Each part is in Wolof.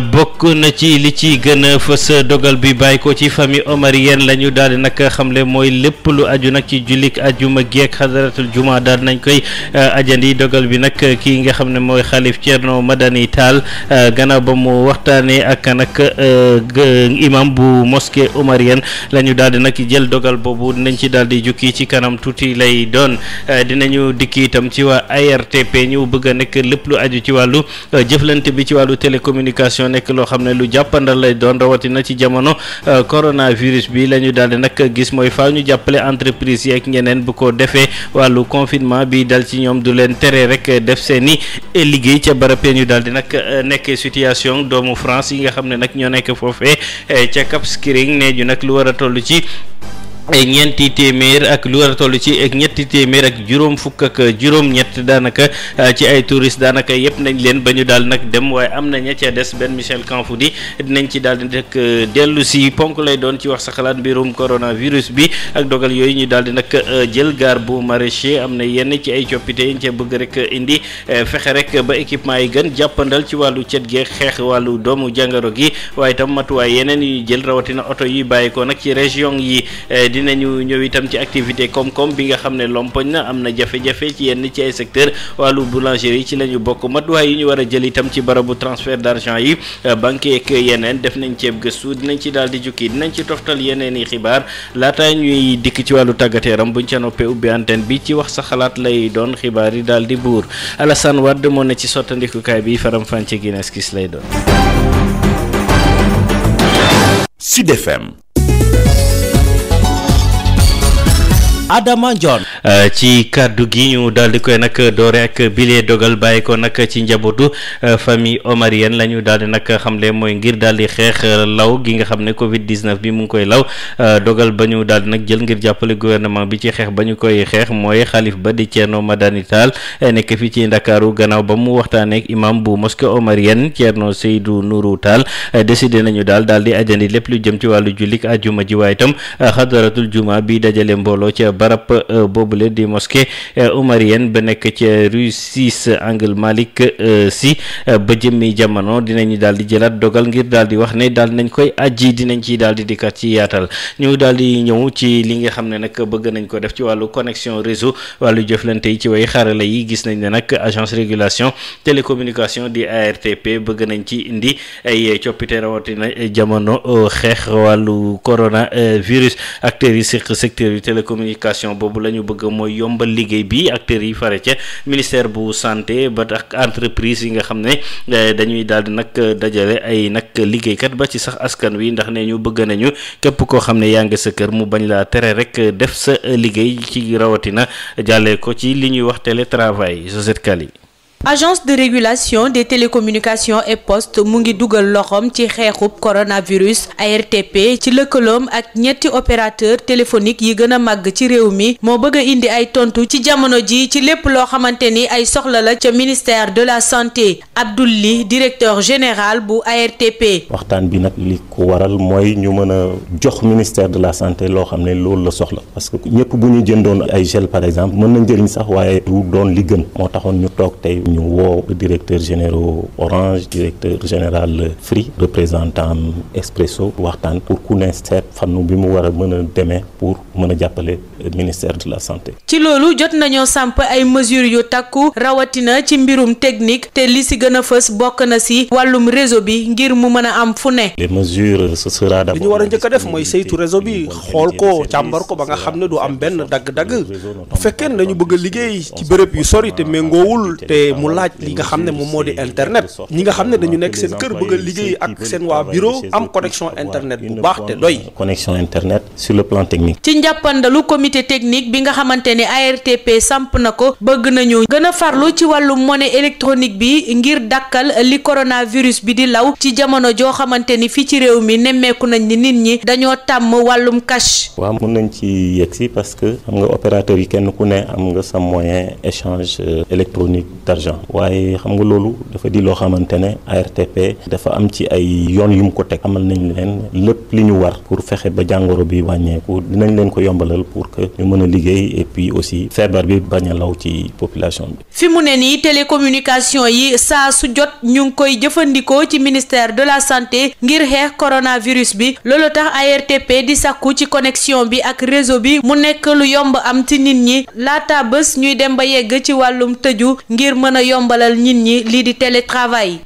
bokk na ci li ci gën a fës dogal bi bàyyi ko ci famille omarienne la ñu daal di nag xamle mooy lépp lu aju nag ci jullik ajuma geek xadaratul juma daal nañ koy euh, ajandi dogal bi nag kii nga xam ne mooy xalif Thierno Madani taal euh, gannaaw ba mu waxtaanee ak nag euh, imam bu moske omarienne la ñu daal di nag jël dogal boobu dinañ ci daal di jukki ci kanam tuuti lay doon dinañu dikki itam ci waa ARTP ñu bëgg a nekk lépp lu aju ci wàllu jëflante bi ci wàllu télécommunication dina nekk loo xam ne lu jàppandal lay doon rawatina ci jamono euh, coronavirus bi la ñu daal di nag gis mooy faa ñu jàppale entreprise yi ak ñeneen bu ko defee wàllu confinement bi dal ci ñoom du leen tere rek def seen i liggéey ca barab ñu daal di nag euh, nekk situation doomu France yi nga xam ne nag ñoo nekk foofee euh, ca Cap Skirring nee ñu nag lu war a toll ci Eh, ñeenti téeméer ak lu war a tollu ci ak eh, ñetti téeméer ak juróom fukk ak juróom-ñett daanaka eh, ci ay touristes daanaka yëpp nañ leen ba ñu daal nag dem waaye am na ña ca des benn Michel di dinañ ci daal di nag dellu si ponk lay doon ci wax sa xalaat mbirum coronavirus bi ak dogal yooyu ñu daal di nag jël gaar bu maraîcher am na yenn ci ay coppite yi ñu ca bëgg rek indi fexe rek ba équipement yi gën jàppandal ci wàllu cet gee xeex wàllu doomu jàngoro gi waaye itam matuwaay yeneen yu jël rawatina oto yi bàyyi dinañu ñëw itam ci activité koom-koom bi nga xam ne lompoñ na am na jafe-jafe ci yenn ci ay secteur wàllu boulangerie ci la ñu bokk matuwaay yu ñu war a jël itam ci barabu transfert d'argent yi euh, banque yeeg yeneen def nañ ceeb gëstu dinañ ci daal di jukki dinañ ci toftal yeneen i xibaar laata ñuy dikk ci wàllu tàggateeram buñ ca noppee ubbi antenne bi ci wax sa xalaat lay doon xibaar yi daal di buur Alassane Wade moo ne ci sottandikukaay bi faram-fàcce Guinness kis lay doon Sud FM Adama Ndione. Euh, ci kàddu gi ñu daal di koy nag doore ak bile dogal bàyyi ko nag ci njabootu euh, famille omarienne la ñu daal di nag xamle mooy ngir daal di xeex euh, law gi nga xam ne Covid 19 bi mu ngi koy law dogal ba ñu daal di jël ngir jàppale gouvernement bi ci xeex ba ñu koy xeex mooy xalif ba di Thierno Madani Tall nekk fii ci Ndakaaru gannaaw ba mu waxtaanee ak imam bu mosquée omarienne Thierno Seydou Nourou Tall décidé nañu daal daal di ajandi lépp lu jëm ci wàllu jullik àjjuma ji waaye itam mbooloo ci barab euh, boobule di mosquée euh, omarienne ba nekk ci rue 6 angle Malick euh, si ba jëmmi jamono dinañu daal di jëlaat dogal ngir daal di wax ne daal nañ koy ajji dinañ ci daal di dikkat ci yaatal ñu daal di ñëw ci li nga xam ne nag bëgg nañ ko def ci wàllu connexion réseau wàllu joflante yi ci way xarala yi gis nañ ne nag agence régulation télécommunication di ARTP bëgg nañ ci indi ay coppite rawatina jamono xeex wàllu corona virus acteurs yi secteur yu télécommunication modification boobu la ñu bëgg mooy yombal liggéey bi acteurs yi fare ca ministère bu santé ba ak entreprise yi nga xam ne eh, dañuy daal di nag eh, dajale ay nag liggéeykat ba ci sax askan wi ndax ne ñu bëgg nañu képp koo xam ne yaa ngi sa kër mu bañ laa tere rek def sa liggéey ci rawatina jàllee ko ci li ñuy wax télétravail Josette Kaly agence de régulation des télécommunication et post mu ngi dugal loxoom ci xeexub coronavirus ARTP ci lëkkaloom ak ñetti opérateur téléphonique yi gën a màgg ci réew mi moo bëgg a indi ay tontu ci jamono ji ci lépp loo xamante ni ay soxla la ca ministère de la santé Abdoul Ly directeur général bu ARTP. waxtaan bi nag li ko waral mooy ñu mën a jox ministère de la santé loo xam ne loolu la soxla parce que ñëpp bu ñu jëndoon ay gel par exemple mën na njëriñ sax waaye du doon li gën moo taxoon ñu toog tey. ñu woow directeur générau Orange directeur général fri représentant Expresso waxtaan pour ku ne fannu bi mu war a mën a demee pour mën a jàppale ministère de la santé. ci loolu jot nañoo samp ay mesures yu takku rawatina ci mbirum technique te li si gën a fës bokk na si wàllum réseau bi ngir mu mën a am fu ne. les mesures ce sera d'abord li ñu war a njëkk def mooy seytu réseau bi xool ko càmbar ko ba nga xam ne du am benn euh, dagg-dagg bu fekkee ne dañu bëgg a liggéey ci bërëb yu sori te méngoowul te mu laaj li nga xam ne moom moo di internet ñi nga xam ne dañu nekk seen kër bëgg a liggéey ak seen waa bureau am connexion internet bu baax te doy. internet sur jàppandalu comité technique bi nga xamante ne ARTP samp na ko bëgg nañu gën a farlu ci wàllu monnaie électronique bi ngir dakkal li coronavirus bi di law ci jamono joo xamante ni fii ci réew mi nemmeeku nañ ni nit ñi dañoo tàmm wàllum cash. waaw mën nañ ci yegg si parce que xam nga opérateur yi kenn ku ne am nga sa moyen échange euh, électronique d'argent waaye xam nga loolu dafa di loo xamante ne ARTP dafa am ci ay yoon yu ko teg amal nañ leen lépp li ñu war ko yombalal pour que ñu mën a liggéey et puis aussi feebar bi bañ ci population bi. fi mu ne nii télécommunication yi saa su jot ñu ngi koy jëfandikoo ci ministère de la santé ngir xeex coronavirus bi loolu tax ARTP di sàkku ci connexion bi ak réseau bi mu nekk lu yomb am ci nit ñi laata bés ñuy dem ba yegg ci wàllum tëju ngir mën a yombalal nit ñi lii di télétravail.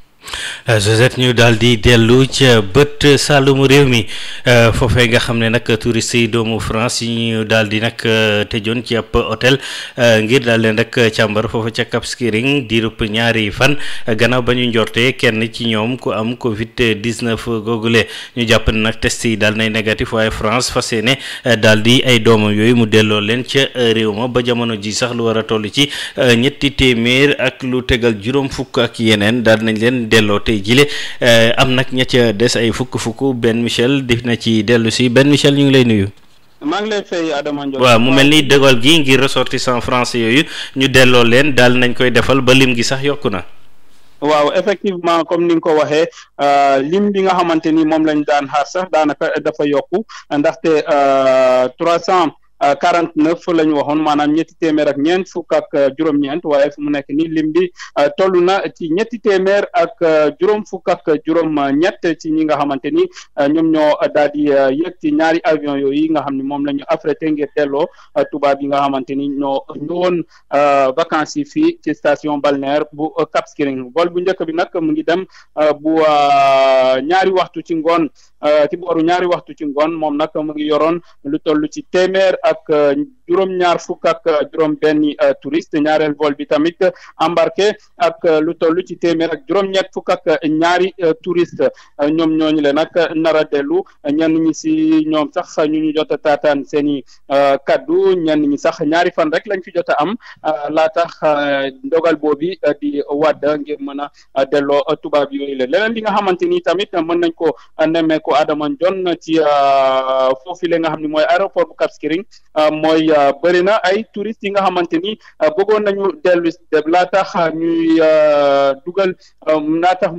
Josette bët sàllumu réew mi euh, foofee nga xam ne nag touristes yi doomu France yi ñu daal di nag euh, tëjoon ci ab hôtel euh, ngir daal leen rek càmbar foofa ca Cap di diirub ñaari fan gannaaw ba ñu njortee kenn ci ñoom ku am Covid 19 googule ñu jàpp ne nag test yi daal nay négatif waaye France fas ne daal di ay doomam yooyu mu delloo leen ca réew ma ba jamono ji sax lu war a toll ci ñetti téeméer ak lu tegal juróom fukk ak yeneen daal nañ leen delloo tey jile am nag ña ca des ay fukk. fukk fukk Ben Michel di na ci dellu si Ben ñu ngi lay nuyu. maa ngi lay fay Adama Ndione waaw mu mel ni dégal gi ngir ressortissant français yooyu ñu delloo leen daal nañ koy defal ba lim gi sax yokku na. waaw effectivement comme ni nga ko waxee euh, lim bi nga xamante ni moom lañ daan xaar sax daanaka dafa yokku ndaxte euh, trois cent. Euh, quarante neuf la ñu waxoon maanaam ñetti téeméer ak ñeent fukk ak euh, juróom-ñeent waaye fu mu nekk ni lim bi euh, toll na ci ñetti téeméer ak juróom fukk ak juróom-ñett ci ñi nga xamante ni ñoom ñoo daal di yëg ci ñaari avion yooyu nga xam ni moom lañu ñu te ngir delloo tubaab yi nga xamante ni ñoo ñëwoon vacances yi fii ci station balnéaire bu Cap Skirring vol bu njëkk bi nag mu ngi dem bu ñaari waxtu ci ngoon ci booru ñaari waxtu ci ngoon moom nag mu ngi yoroon lu toll ci téeméer. ak euh, juróom-ñaar fukk ak euh, juróom-benn euh, touriste ñaareel vol bi tamit embarqué ak lu toll ci téeméer rek juróom-ñett fukk ak ñaari touriste ñoom ñooñu le nag nara a dellu ñenn ñi si ñoom sax ñu ñu jot a seen i kaddu ñenn ñi sax ñaari fan rek lañ fi jot a am laa tax ndogal boobi di wàdd ngir mën a delloo tubaab yooyu le leneen li nga xamante ni tamit mën nañ ko nemmeeku Adama Ndione ci foofu le nga xam ne mooy aéroport bu Cap Skirring Euh, mooy euh, bëri na ay touristes yi nga xamante ni euh, bëggoon nañu dellu laa tax ñuy dugal naa tax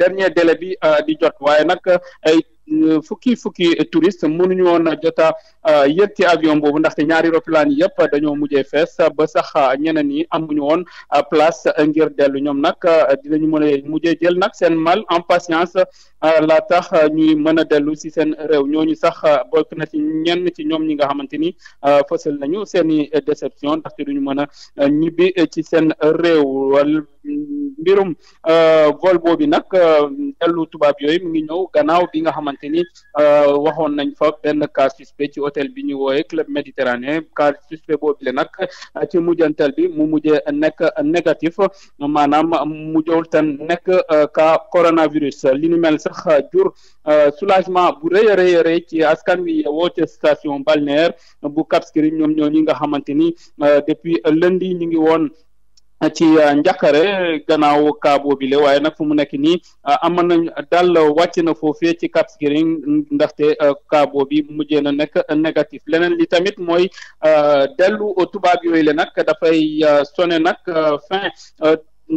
dernier délai bi di jot waaye nag ay Euh, fukki fukki tourist mënuñu woon a jot a euh, yéeg ci avion boobu ndaxte ñaari roplaan yëpp dañoo mujjee fees ba sax euh, ñeneen ñi amuñu woon place ngir dellu ñoom nag dinañu mën a mujjee jël nag seen mal en patience la tax ñuy mën a dellu si seen réew ñooñu sax bokk na ñenn ci ñoom ñi nga xamante ni fësal nañu seen i déception ndaxte duñu mën a ñibbi ci seen réew. mbirum euh, vol boobu nag euh, dellu tubaab yooyu mu ngi ñëw gannaaw bi nga xamante ni euh, waxoon nañ fa benn cas suspect ci hôtel bi ñu wooyee club méditerranéen cas suspect boobu le nag ci mujjantal bi mu mujjee nekk négatif maanaam mujjul tan nekk cas coronavirus li nu mel sax jur soulagement bu rëy a rëy ci askan wi yeewoo ca station balnéaire bu Cap Skirring ñoom ñi nga xamante ni depuis lundi ñu ngi woon ci euh, njàkkare gannaaw kaa boobile waaye nag fu mu nekk nii euh, amoon nañ daal wàcc na foofee ci Cap Skirring ndaxte kaa euh, bi mujjee na nekk négatif leneen li tamit mooy dellu tubaab yooyu le nag dafay sone nag fin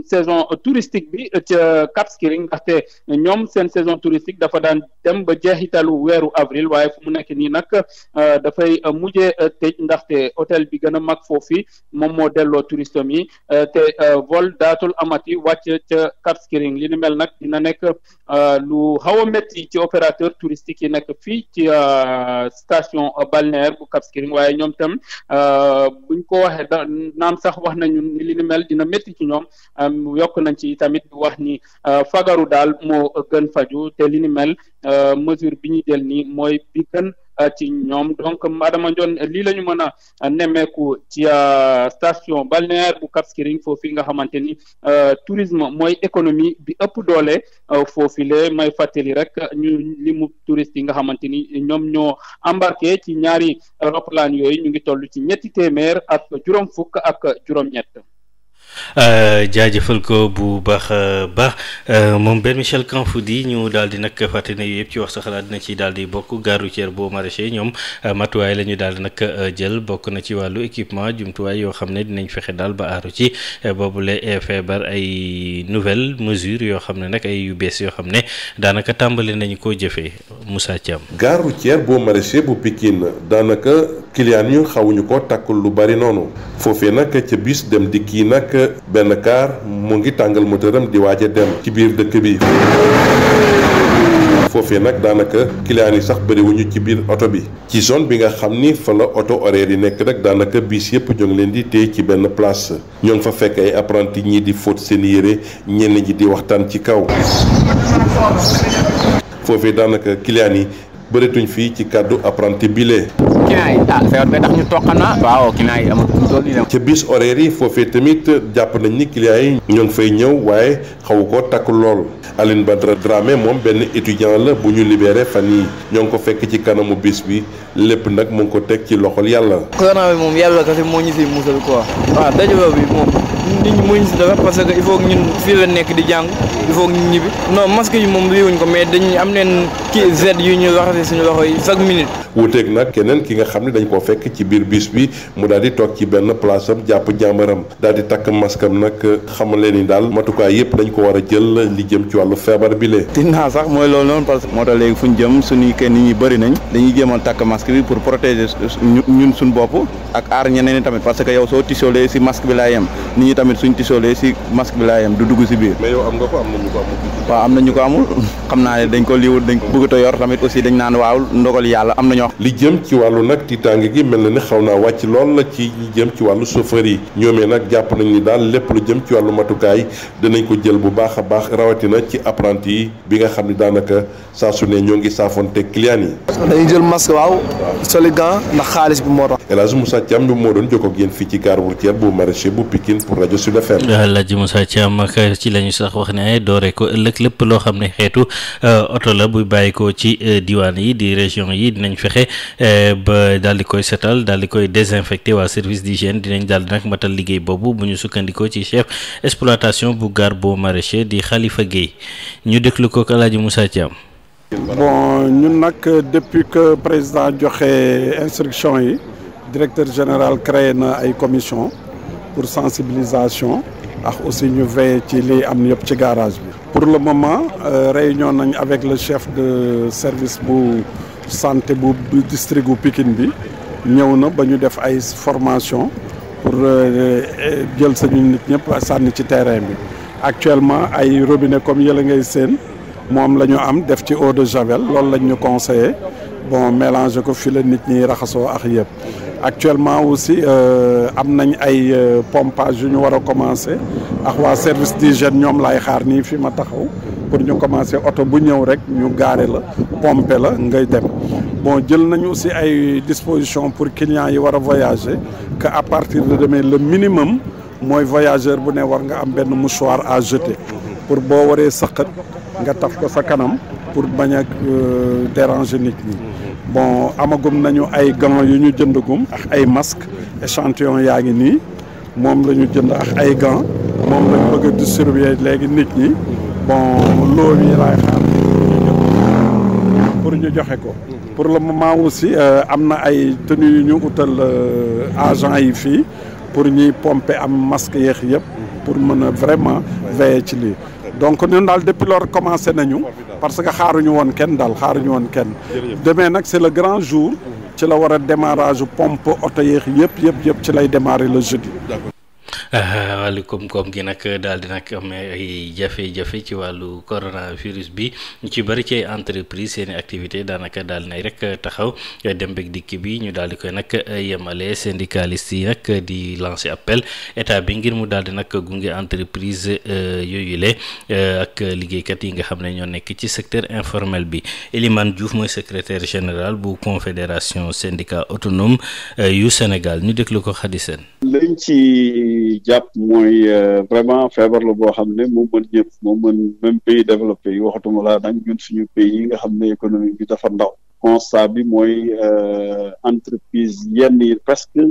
saison touristique bi ca Cap Skirring ndaxte ñoom seen saison touristique dafa daan dem ba jeexitalu weeru avril waaye fu mu nekk nii nag euh, dafay euh, mujjee euh, tëj ndaxte hôtel bi gën a mag foofu moom moo delloo touristam yi te vol daatul amati wàcc ca Cap Skirring li ni mel nag dina nekk lu xaw a métti ci opérateur touristique yi nekk fii ci station balnéaire bu Cap Skirring waaye ñoom tam buñ ko waxee da naam sax wax nañu li ni mel dina métti ci ñoom. yokk nañ ci tamit wax ni euh, fagaru daal moo gën faju te li ni mel euh, mesure bi ñuy jël nii mooy bi gën euh, ci ñoom donc madama jon lii la ñu mën a nemmeeku ci station balnéaire bu Cap Skirring foofi nga xamante ni tourisme mooy économie bi ëpp doole foofile may fàttali rek ñu mu touriste yi nga xamante ni ñoom ñoo embarqué ci ñaari roplaan yooyu ñu ngi toll ci ñetti téeméer ak juróom fukk ak juróom-ñett. Euh, jaajëfal ko bu baax a euh, baax euh, moom benn Michel Kanfoudi ñu daal di nag fàtte ne yëpp ci wax sa dina ci daal di bokk gare routière boo maraîcher ñoom matuwaay la ñu daal di nag jël bokk na ci wàllu équipement jumtuwaay yoo xam ne dinañ fexe daal ba aaru ci boobule feebar ay nouvelle mesures yoo xam ne nag ay yu bees yoo xam ne daanaka tàmbali nañu koo jëfee musaa Thiam. gare routière boo maraîcher bu Pikine daanaka client ñu xawuñu ko takkul lu bari noonu foofee nag benn kaar mu ngi tàngal motoram di waaj a dem ci biir dëkk bi foofee nag daanaka client yi sax bëriwuñu ci biir oto bi ci zone bi nga xam ni fa la oto horaire yi nekk rek daanaka bis yëpp ñoo leen di téye ci benn place ñoo ngi fa fekk ay apprenti ñii di fóot seen yére ñenn ji di waxtaan ci kaw foofee daanaka client yi bëreetuñ fii ci kàddu apprenti bile. client yi ah feebar bi tax ñu toq na. waaw client yi amatuñu ca bis horaire yi foofee tamit jàpp nañ ni client ñoo ngi fay ñëw waaye xawu ko takk lool. Aline Badara drame moom benn étudiant la bu ñu libéré fan yi ñoo ngi ko fekk ci kanamu bis bi lépp nag mu ngi ko teg ci loxol yàlla. corona bi moom yàlla kese moo ñu fi musal quoi. waaw dajalo bi moom. nit ñi mënuñ si dara parce que il faut que ñun fii la nekk di jàng il faut que ñu ñibbi non masque yi moom lii wuñ ko mais dañuy am leen ki Z yu ñu raxase suñu loxo yi chaque minute. wuuteeg nag keneen ki nga xam ne dañ koo fekk ci biir bus bi mu daal di toog ci benn place jàpp jàmbaram daal di takk masque am nag xamal leen ni daal matukaay yëpp dañ ko war a jël li jëm ci wàllu feebar bi lee. dinaa sax mooy loolu noonu parce que moo tax léegi fu ñu jëm suñu kenn nit ñi bëri nañ dañuy jéem a takk masque bi pour protéger ñun suñu bopp ak aar ñeneen tamit parce que yow soo tisoolee si masque bi laa yem ñi tamit suñ tisoolee si masque bi laa du dugg si biir. mais yow am nga na ñu ko amul. waaw na xam naa ne dañ ko liiwul dañ ko bëgg a yor tamit aussi dañ naan waaw ndogal yàlla am na ñoo. li jëm ci wàllu nag tiitaange gi mel na ni xaw naa wàcc lool la ci li jëm ci wàllu chauffeur yi ñoome nag jàpp nañ ni daal lépp lu jëm ci wàllu matukaay dinañ ko jël bu baax a baax rawatina ci apprenti yi bi nga xam ne daanaka saa su ne ñoo ngi te client yi. dañuy jël masque waaw. soli gant ndax xaalis bi moo tax. El Hadj Moussa Thiam bi moo doon jokkoo ak fii ci gare routière bu rajo Sud FM. Alaaji Moussa Thiam kay ci la ñu sax wax ne doore ko ëllëg lépp loo xam ne xeetu euh, oto la buy bàyyikoo ci euh, diwaan yi di région yi dinañ fexe euh, ba daal di koy setal daal di koy désinfecté waa service d'hygiène dinañ daal di nag matal liggéey boobu bu ñu sukkandikoo ci chef exploitation bu garbo maraîcher di xalifa Guèye ñu déglu ko ak Alaaji musa Thiam. bon ñun nag depuis que président joxe instruction yi directeur général créé ay commission pour sensibilisation ax aussi ñu veiller ci lii am yëpp ci garage bi. pour le moment euh, réunion nañu avec le chef de service bu santé bu district bu Pikine bi ñëw na ba ñu def ay formation pour euh, euh, jël sañu nit ñëpp sànni ci terrain bi actuellement ay robinet comme yële ngay séen moom la ñu am def ci eau de javel loolu lañ ñu conseillé. bon mélangé ko fi la nit ñi raxasoo ak yëpp actuellement aussi euh, am nañ ay euh, pompage yu ñu war a commencé ak waa service di d'hygiène ñoom laay xaar nii fi ma taxaw pour ñu commencé oto bu ñëw rek ñu gaare la pompe la ngay dem bon jël nañu aussi ay disposition pour clients yi war a voyager que à partir de demain le minimum mooy voyageur bu ne war nga am benn mouchoir à jeter pour boo waree sëqat nga tax ko sa kanam pour bañ a euh, déranger nit ñi bon amagum nañu ay gants yu ñu jëndagum ak ay masques échantillon yaa ngi nii moom la ñu jënd ak ay gants moom lañ bëgg a distribuer léegi nit ñi bon loolu yi laay xaar pour ñu joxe ko. pour le moment aussi euh, am na ay tenues yu ñu utal euh, agent yi fii pour ñuy pomper am masque yeex yëpp pour mën a vraiment veiller ci lii donc ñun daal depuis loolu commencé nañu. parce que xaaruñu woon kenn daal xaaruñu woon kenn demain nag c'est le grand jour ci la war a démarrage pompe oto yeex yëpp yëpp yëpp ci lay démarrer le jeudi wàllu koom-koom gi nag daal di nag am ay jafe-jafe ci wàllu coronavirus bi ñu ci bëri ci entreprise seen i activité daanaka daal nay rek taxaw dem beeg dikk bi ñu daal di koy nag yemale syndicaliste yi nag di lancé appel état bi ngir mu daal di nag gunge entreprise euh, yooyu le euh, ak liggéeykat yi nga xam ne ñoo nekk ci secteur informel bi Elimane Diouf mooy secrétaire général bu confédération syndicat autonome euh, yu Sénégal ñu déglu ko Khady Sène jàpp mooy euh, vraiment feebar la boo xam ne moo mën ñëpp moo mën même pays développé yi waxatuma laa nag ñun suñu pays yi nga xam ne économie bi dafa ndaw constat bi mooy euh, entreprise yenn yi presque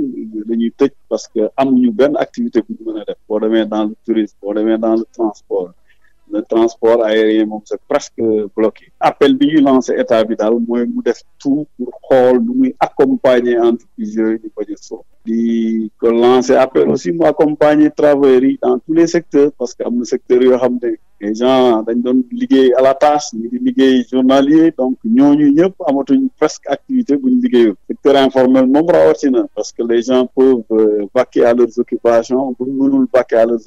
dañuy tëj parce que am ñu benn activité bu ñu a def boo demee dans le tourisme boo demee dans le transport le transport aérien moom se presque bloqué appel bi ñuy lancé état bi daal mooy mu def tout pour xool lu muy accompagner entreprise yooyu ñu bañ a di ko appel aussi mu accompagner travailleurs yi dans tous les secteurs parce que am secteurs yoo xam ne les gens dañ doon liggéey à la tâche ñu ngi liggéey journalier donc ñooñu ñëpp amatuñ presque activité bu ñu liggéeyul secteur informel moom rawatina parce que les gens peuvent vaquer à leurs occupations bu ñu mënul vaquer à leurs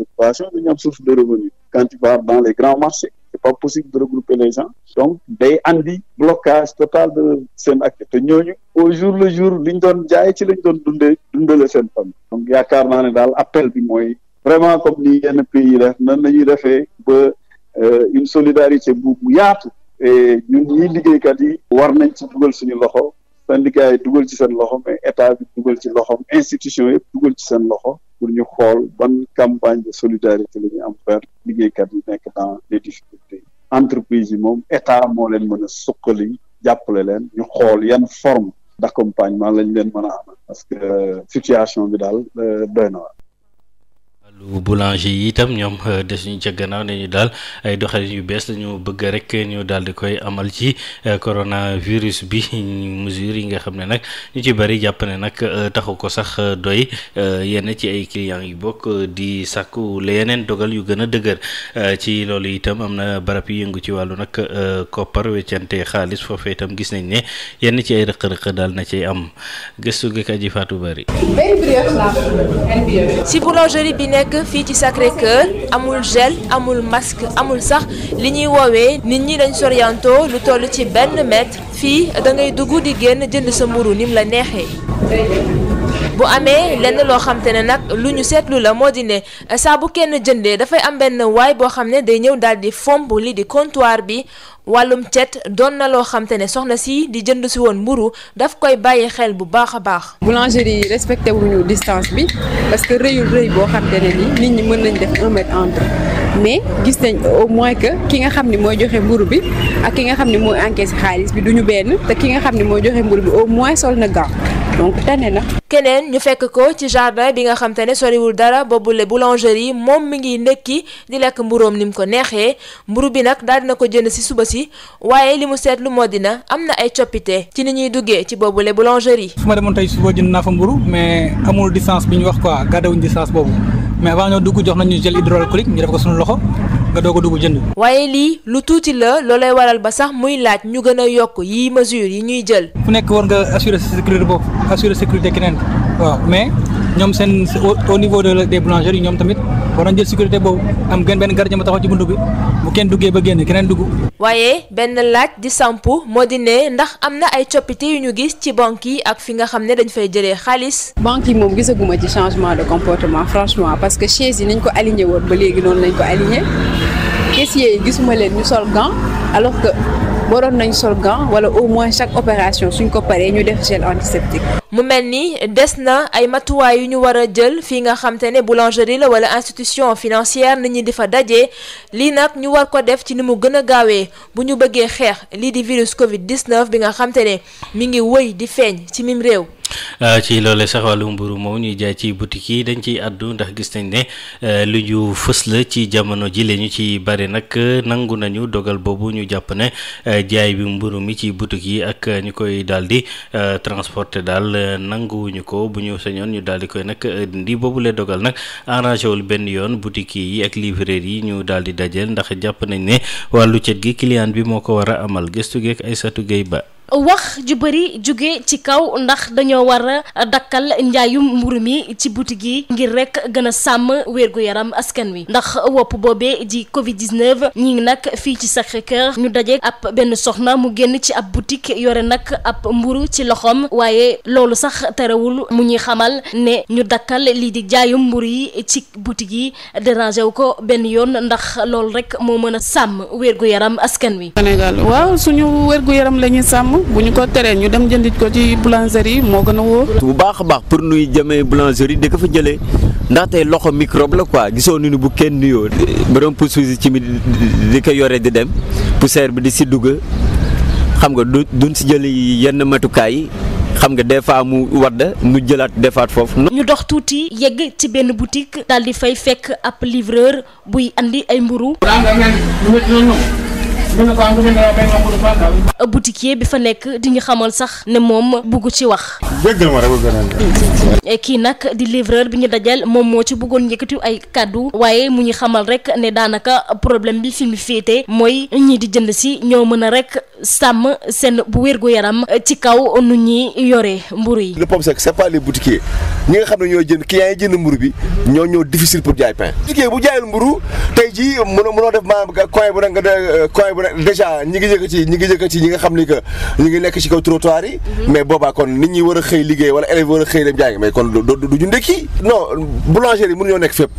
am source de revenu quand tu vas dans les grands marchés c'est pas possible de regrouper les gens donc day andi blocage total de seen activité te ñooñu au jour le jour li ñu doon jaay ci lañ doon dundee dundale seen famille donc yaakaar naa ne daal appel bi mooy vraiment comme ni yenn pays yi def nan na ñuy defee ba euh, une solidarité bu yaatu et ñu ñii liggéeykat yi war nañ ci dugal suñu loxo syndicat yi dugal ci seen loxo mais état bi dugal ci loxo institution yëpp dugal ci seen loxo pour ñu xool ban campagne de solidarité la ñu am vers liggéeykat yi nekk dans les difficultés entreprise yi moom état moo leen mën a suqali jàppale leen ñu xool yan forme d'accompagnement lañ leen mën a parce que situation bi daal euh, doy na waar lu boulanger yi itam ñoom euh, desuñu ca gannaaw ne ñu daal ay doxalin yu bees lañu bëgg rek ñu daal di koy amal ci euh, coronavirus bi mesure yi nga xam ne nag ñu ci bëri jàpp ne nag euh, taxu ko sax doy yenn ci ay clients yu bokk di sàkku la yeneen dogal yu gën a dëgër ci loolu itam am na barab yu yëngu ci wàllu nag koppar weccante xaalis foofee itam gis nañ ne yenn ci ay rëq-rëq daal na ci am gëstu gi ka ji faatu bari. nag fii ci Sacré Cœur amul gel amul masque amul sax li ñuy woowee nit ñi dañ sorianto lu toll ci benn mètre fii dangay dugg di génn jënd sa mburu nim la neexee. bu amee lenn loo xam ne nag lu ñu seetlu la moo di ne eh, saa bu kenn jëndee dafay am benn waay boo xam ne day ñëw daal di fomp lii di comptoir bi wàllum cet doon na loo xam ne soxna si di jënd si woon mburu daf koy bàyyi xel bu baax a baax. boulangerie yi respecté wuñu distance bi parce que rëyul rëy boo xamte ne nii nit ñi mën nañ def un mètre entre. mais gis nañ au moins que ki nga xam ni mooy joxe mburu bi ak ki nga xam ne mooy encaisse xaalis bi duñu benn te ki nga xam ne mooy joxe mburu bi au moins sol na gant donc tane na. keneen ñu fekk ko ci jardin bi nga xam te ne soriwul dara boobule boulangerie moom mi ngi nekki di lekk mburoom ni mu ko neexee mburu bi nag daal na ko jënd si suba si waaye li mu seetlu moo dina am na ay coppite ci ni ñuy duggee ci boobule boulangerie. fu ma demoon tey suba jënd naa fa mburu mais amul distance bi ñu wax quoi gàddawuñ distance boobu. mais avant ñoo dugg jox nañu gel hydroalcoolique ñu def ko suñu loxo nga doog a dugg jënd. waaye lii lu tuuti la loolay waral ba sax muy laaj ñu gën a yokk yii mesures yi ñuy jël. ku nekk war nga assurer sa sécurité boobu assurer sécurité keneen waaw mais ñoom seen au niveau des boulangeries ñoom tamit war nañ jël sécurité boobu am gën benn gardien ma taxaw ci buntu bi. kenn duggee ba génn keneen dugg. waaye benn laaj di samp moo di ne ndax am na ay coppite yu ñu gis ci banque yi ak fi nga xam ne dañ fay jële xaalis. banque yi moom gisaguma ci changement de comportement franchement parce que chaise yi nañ ko aligné woon ba léegi noonu nañ ko aligné caissier yi gisuma leen ñu sol gant alors que. waroon nañ sol gant wala au moins chaque opération suñ ko paree ñu def gel antiseptique. mu mel ni des na ay matuwaay yu ñu war a jël fii nga xam te ne boulangerie la wala institution financière nit ñi di fa daje lii nag ñu war ko def ci ni mu gën a gaawee bu ñu bëggee xeex lii di virus Covid 19 bi nga xamte ne mi ngi wëy di feeñ ci mim réew. Euh, ci loole sax wàllu mburu moom ñuy jaay ci boutique yi dañ ciy àddu ndax gis nañ ne euh, lu ñu fës la ci jamono ji la ñu ci bari nag euh, nangu nañu dogal boobu ñu jàpp ne jaay bi mburu mi ci boutique yi ak ñu koy daal di transporter daal nanguwuñu ko bu ñu sañoon ñu daal di koy nag di boobule dogal nag arrangé wul benn yoon boutique yi ak livreur yi ñu daal di dajeel ndax jàpp nañ ne wàllu cet gi client bi moo ko war a amal gëstu geek Aïssatou Gueye Ba wax ju bari jóge ci kaw ndax dañoo war a dakkal njaayum mburu mi ci boutique yi ngir rek gën a sàmm wér-gu-yaram askan wi ndax wopp boobee ji Covid 19 ñi nag fii ci Sacré-Cœur ñu daje ab benn soxna mu génn ci ab boutique yore nag ab mburu ci loxoom waaye loolu sax terewul mu ñuy xamal ne ñu dakkal lii di njaayum mburu yi ci butik yi dérangé wu ko benn yoon ndax loolu rek moo mën a sàmm wér-gu-yaram askan wi. waaw suñu wér-gu-yaram la sàmm. bu ñu ko teree ñu dem jëndit ko ci boulangerie moo gën a wóor. bu baax a baax pour nuy jëmee boulangerie di ko fa jëlee ndaxte loxo microbe la quoi gisoo ni bu kenn nuyoo borom pousse ci mi di ko yore di dem poussière bi di si dugg xam nga du duñ si jël yenn matukaay xam nga des fois mu wadd mu jëlaat defaat foofu. ñu dox tuuti yegg ci benn boutique. daal di fay fekk ab livreur buy indi ay mburu boutiquier bi fa nekk di ñu xamal sax ne moom bugg ci wax. déggal ma kii nag di livreur bi ñu dajal moom moo ci bëggoon yëkkati ay kàddu waaye mu ñu xamal rek ne daanaka problème bi fi mu féete mooy ñii di jënd si ñoo mën a rek sàmm seen bu wér-gu-yaram ci kaw nu ñuy yore mburu yi. le problème c'est pas les boutiquiers ñi nga xam ne ñoo jënd clients yi jënd mburu bi ñoo ñoo difficile pour jaay pain. boutiquier bu jaayul mburu tey jii mënoo def maanaam coin bu ne nga coin bu ne déjà ñi ngi yëkkati ñi ngi yëkkati ñi nga xam ni que ñi ngi nekk ci kaw trottoir yi mhm. mais boobaa kon nit ñi war a xëy liggéey wala élèves war a xëy dem jàngi mais kon du ñu ndekki non boulangerie mun mënuñoo nekk fépp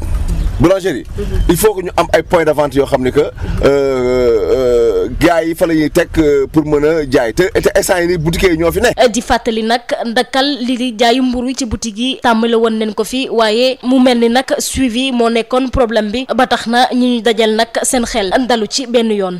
boulangerie yi mhm. il faut que ñu am ay point de vente yoo xam ni que euh, euh, gars yi fa la ñuy euh, pour mën a jaay te te instant yi ñoo fi ne. Eh, di fàttali nag ndakal li di jaayu mburu ci boutique yi tàmbali woon nañ ko fi waaye mu mel ni nag suivi moo nekkoon problème bi ba tax na ñu dajal nag seen xel dalu ci benn yoon.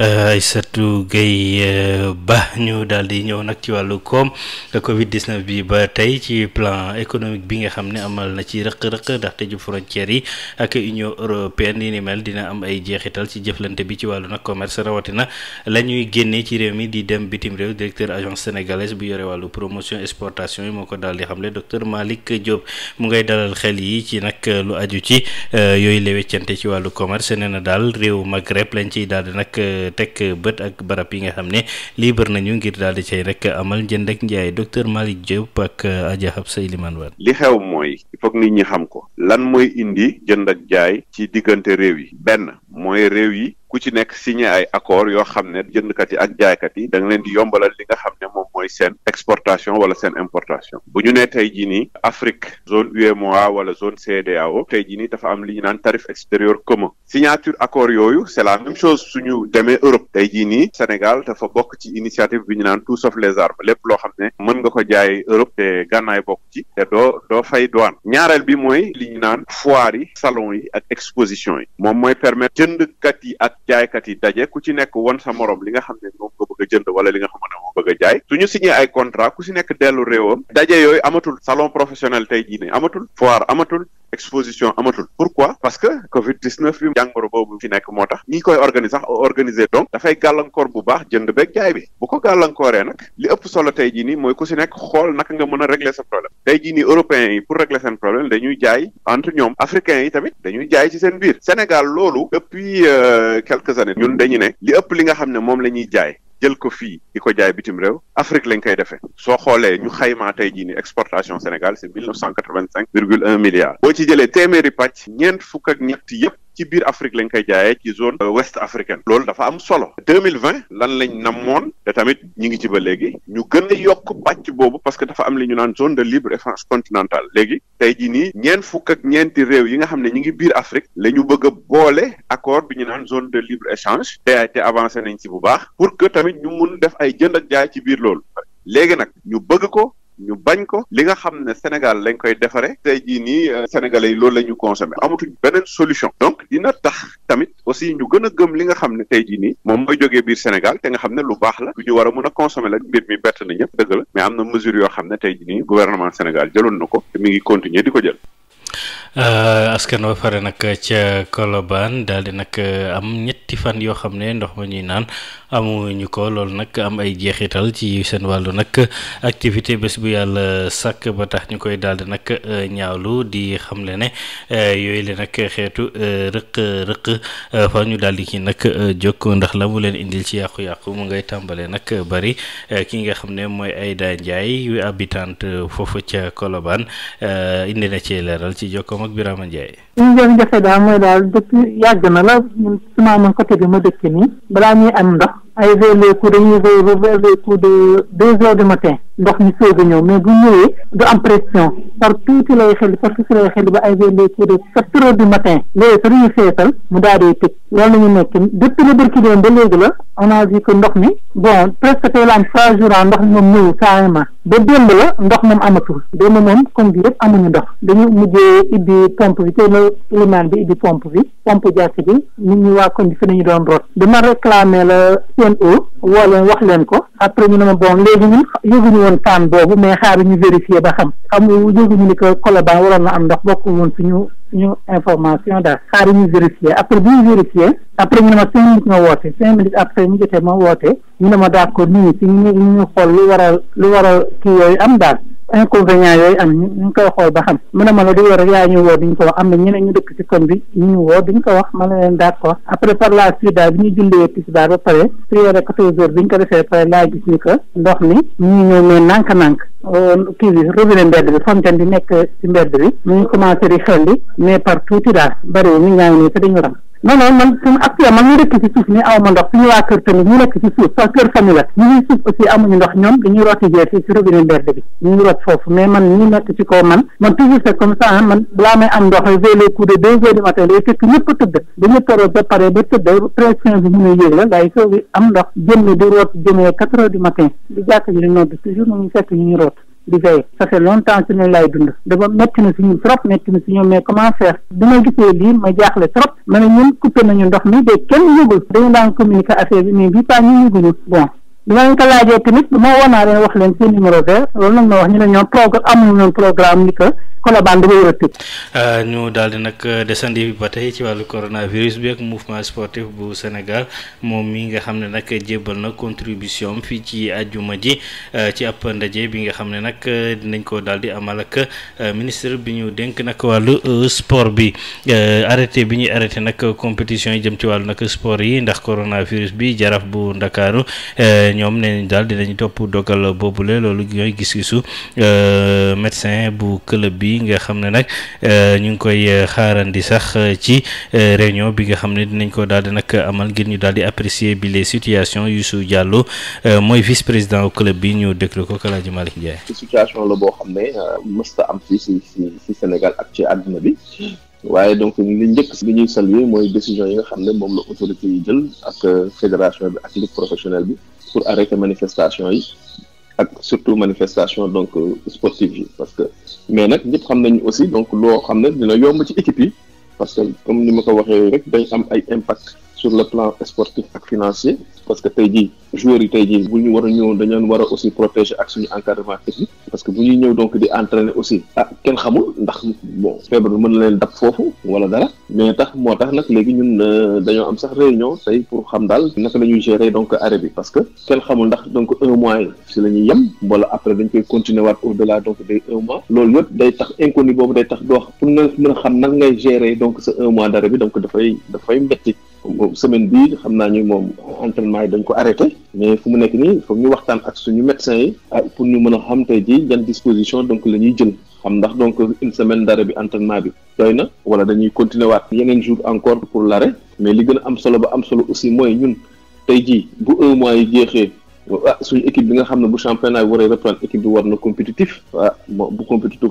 Euh, Aïssatou Gueye euh, Ba ñu daal di ñëw nag ci wàllu koom Covid 19 bi ba tey ci plan économique bi nga xam ne amal na ci rëq-rëq ndax tëju frontières yi ak Union européenne yi ni mel dina am ay jeexital ci jëflante bi ci wàllu nag commerce rawatina la ñuy génnee ci réew mi di dem bitim réew directeur agence sénégalaise bu yore wàllu promotion exportation yi moo ko daal di xamle docteur Malick Diop mu ngay dalal xel yi ci nag lu aju ci euh, yooyu la weccante ci wàllu commerce nee na daal réew teg bët ak barab yi nga xam ne libre nañu ngir daal di cay rek amal jënd ak njaay docteur Malick Diop ak uh, Adja Habsa Elimane Wane li xew mooy il nit ñi xam ko lan mooy indi jënd ak jaay ci diggante réew yi benn mooy réew yi ku nekk signé ay accord yoo xam ne jëndkat yi ak jaaykat yi da nga leen di yombalal li nga xam ne moom mooy seen exportation wala seen importation bu ñu nee tey jii nii Afrique zone UEMOA wala zone CEDEAO tey jii nii dafa am li ñu naan tarif extérieur commun signature accord yooyu c'est la même chose suñu demee Europe tey jii nii Sénégal dafa bokk ci initiative bi ñu naan tout sauf les armes lépp loo xam ne mën nga ko jaay Europe te gànnaay bokk ci te doo doo fay douane ñaareel bi mooy li ñu naan foire yi salon yi ak exposition jaaykat yi daje ku ci nekk won sa morom li nga xam ne moom nga bëgg jënd wala li nga xam ne moom bëgg a jaay su ñu signé ay contrat ku ci nekk dellu réewam daje yooyu amatul salon professionnel tey jii ne amatul foire amatul exposition amatul pourquoi parce que Covid 19 bi jàngoro boobu fi nekk moo tax ñi koy organiser sax organiser donc dafay gàllankoor bu baax jënd beeg jaay bi bu ko gàllankooree nag li ëpp solo tey jii nii mooy ku si nekk xool naka nga mën a régler sa problème tey jii nii européens yi pour régler seen problème dañuy jaay entre ñoom africains yi tamit dañuy jaay ci seen biir Sénégal loolu depuis euh, quelques années ñun dañu ne li ëpp li nga xam ne moom la ñuy jaay. jël ko fii di ko jaay bitim réew Afrique lañ koy soo xoolee ñu xaymaa tey jii ni exportation Sénégal c'est mille neuf cent quatre-vingt-cinq virgule un jëlee téeméeri pàcc ñeent fukk ak ñett yëpp ci biir Afrique lañ koy jaayee ci zone euh, ouest africaine loolu dafa am solo deux mille vingt lan lañ namoon te tamit ñi ngi ci ba léegi ñu gën a yokk pàcc boobu parce que dafa am li ñu naan zone de libre échange continentale léegi tey jii nii ñeent fukk ak ñeenti réew yi nga xam ne ñi ngi biir Afrique la ñu bëgg a boole accord bi ñu naan zone de libre échange te te avancé nañ ci bu baax pour que tamit ñu mun def ay jënd ak ci biir loolu léegi nag ñu bëgg ko ñu bañ ko li nga xam ne Sénégal lañ koy defaree tey jii nii euh, sénégalais yi loolu la ñu consommé amatuñ beneen solution donc dina tax tamit aussi ñu gën a gëm li nga xam ne tey jii nii moom mooy jógee biir Sénégal te nga xam ne lu baax la lu ñu war mun a consommé la mbir mi bett na ñëpp dëgg la mais am na mesure yoo xam ne tey jii nii gouvernement Sénégal jëloon na ko te mi ngi continuer di ko jël Euh, askan fare pare nag ca Colobane daal di nag euh, am ñetti fan yoo xam ne ndox ma ñuy naan amuñu ko loolu nag am ay jeexital ci seen wàllu nag activité bés bu yàlla sàkk ba tax ñu koy daal di nag euh, ñaawlu di xamle ne yooyu la nag xeetu rëq-rëq fa ñu daal di kii nag jokk ndax la leen indil ci yàqu-yàqu mu ngay tàmbalee nag bari ki nga xam ne mooy Aïda Ndiaye habitante foofu ca Colobane indi na ci leeral. ci jokkoom ak Birama Ndiaye. li ñu doon jafe daal mooy daal depuis yàgg na la ñun suma man côté ma dëkk nii balaa ñuy am ndox ay vers les coups dañuy vers les coups de deux heures du matin. ndox mi soog a ñëw mais bu ñëwee du am pression par tuuti lay xel parce que si lay xel ba ay vendee kii de sept heures du matin léegi sa duñu feesal mu daa dee tëj loolu la ñu léegi la on a vu que ndox mi bon presque tey a ah, amatul démb moom comme bi yëpp amuñu ndox dañu mujjee ibbi pompe bi bi ibbi pompe bi pompe jàkk bi nit ñi waa koñ bi fi nañu doon rot réclamer la CNO woo leen wax leen ko après ñu ne ma bon léegi ñun yëguñu woon taan boobu mais xaar ñu vérifier ba xam xam yëguñu ni que Colobane waroon na am ndox bokkul woon suñu suñu information daal xaar ñu vérifier après bu ñu vérifier après ñu ne ma cinq minutes ma woote cinq minutes après mu jotee ma woote ñu ne ma d'accord nii si ñu ñu xool lu waral lu waral kii yooyu am daal inconvénient yooyu am ñu koy xool ba xam mu ne ma la di war rek ñu woo duñ ko wax am na ñeneen ñu dëkk ci kon bi ñu ñu woo duñ ko wax ma ne leen d' accord après par la suite daal bi ñu jullee tisbaar ba pare prière quatorze heures bi ñu ko defee pare laa gis ni que ndox mi ñu ñëw mais nànk euh, kii bi robinet mbedd bi fontaine bi nekk ci mbedd bi mu ngi commencé di xel li mais par tuuti daal bariwul ñu ñaa ngi nii te dañu ram non non man suñu actuellement man ñu dëkk ci suuf ni aw ma ndox suñu waa kër tamit ñu nekk ci suuf sa kër famille ñu ngi suuf aussi amuñu ndox ñoom dañuy rooti jeer fii ci robinet mbedd bi ñu ngi root foofu mais man ñu nekk ci kaw man man toujours c'est comme ça ah, man balaa may am ndox vers les coups de deux heures du matin lay fekk ñëpp a tëdd dañu paroo ba pare ba tëdd pression bi mun a yéeg la laay soo bi am ndox jëmmi di root jëmee quatre heures du matin ñu di veille ça fait longtemps si noonu laay dund dafa métti na si ñun trop métti na si ñun mais comment faire bi ma gisee lii ma jaaxle trop ma ne ñun coupé nañu ndox mi de kenn yëgul dañu daan communiquer affaire bi mais bii pas ñu yëguñu bon bi ma leen ko laajee tamit bu ma woo leen wax leen seen numéro vert loolu nag ma wax ñu ne ñoom programme amuñu noonu programme ni ko Colobane dañoo war a tëj. Euh, ñu di nag euh, desandi ba tey ci wàllu coronavirus bi ak mouvement sportif bu Sénégal moom mi nga xam ne nag jébbal na contribution fii ci àjjuma ji euh, ci ab ndaje bi nga xam ne nag dinañ ko daal di amal ak ministre bi ñu dénk nag wàllu sport bi arrêté bi ñuy arrêté nag compétition yi jëm ci wàllu nag sport yi ndax coronavirus bi jaraaf bu ndakaaru ñoom nee nañ daal dinañ topp dogal boobule loolu ñooy gis-gisu médecin bu club bi. bi nga xam ne nag euh, ñu ngi koy euh, xaarandi sax euh, ci réunion bi nga xam ne dinañ ko daal di nag amal ngir ñu daal di apprécier bi situation yu Youssou Diallo mooy vice président club bi ñu déglu ko Kalaaji Malick Ndiaye. situation la boo xam ne mësta am fii si si si Sénégal ak ci àdduna bi. waaye donc li njëkk si li ñuy saluer mooy décision yi nga xam ne moom la autorité yi jël ak fédération bi ak ligue professionnelle bi pour arrêter manifestation yi. ak surtout manifestation donc euh, sportive yi parce que mais nag ñëpp xam nañu aussi donc loo xam ne dina yomb ci équipe yi parce que comme ni ma ko waxee rek day am ay impact sur le plan sportif ak financier parce que tey jii joueurs yi tey jii bu ñu war a ñëw dañu leen war a aussi protéger ak suñu encadrement technique parce que bu ñuy ñëw donc di entraîner aussi ah kenn xamul ndax bon feebar bi mën na leen dab foofu wala dara mais tax moo tax nag léegi ñun euh, dañoo am sax réunion tey pour xam daal naka la ñuy gérer donc arrêt bi parce que kenn xamul ndax donc un mois yi si la ñuy yem wala après dañ koy continuer waat au de la des un loolu yëpp day tax inconnu boobu tax doo pour nga a xam nan ngay gérer donc mois d'arrêt bi donc dafay dafay metti semaine bii xam naa ñu moom entraînement yi dañ ko arrêté mais fu mu nekk nii foog ñu waxtaan ak suñu médecin yi ah, pour ñu mën a xam tey jii yan disposition donc la ñuy jël xam ndax donc une semaine d'arrêt bi entraînement bi doy na wala dañuy continuer waat yeneen jour encore pour l'arrêt mais li gën a am solo ba am solo aussi mooy ñun tey jii bu un mois yi jeexee ah suñu équipe bi nga xam ne bu championnat bi waree reprendre équipe bi war na compétitif ah bu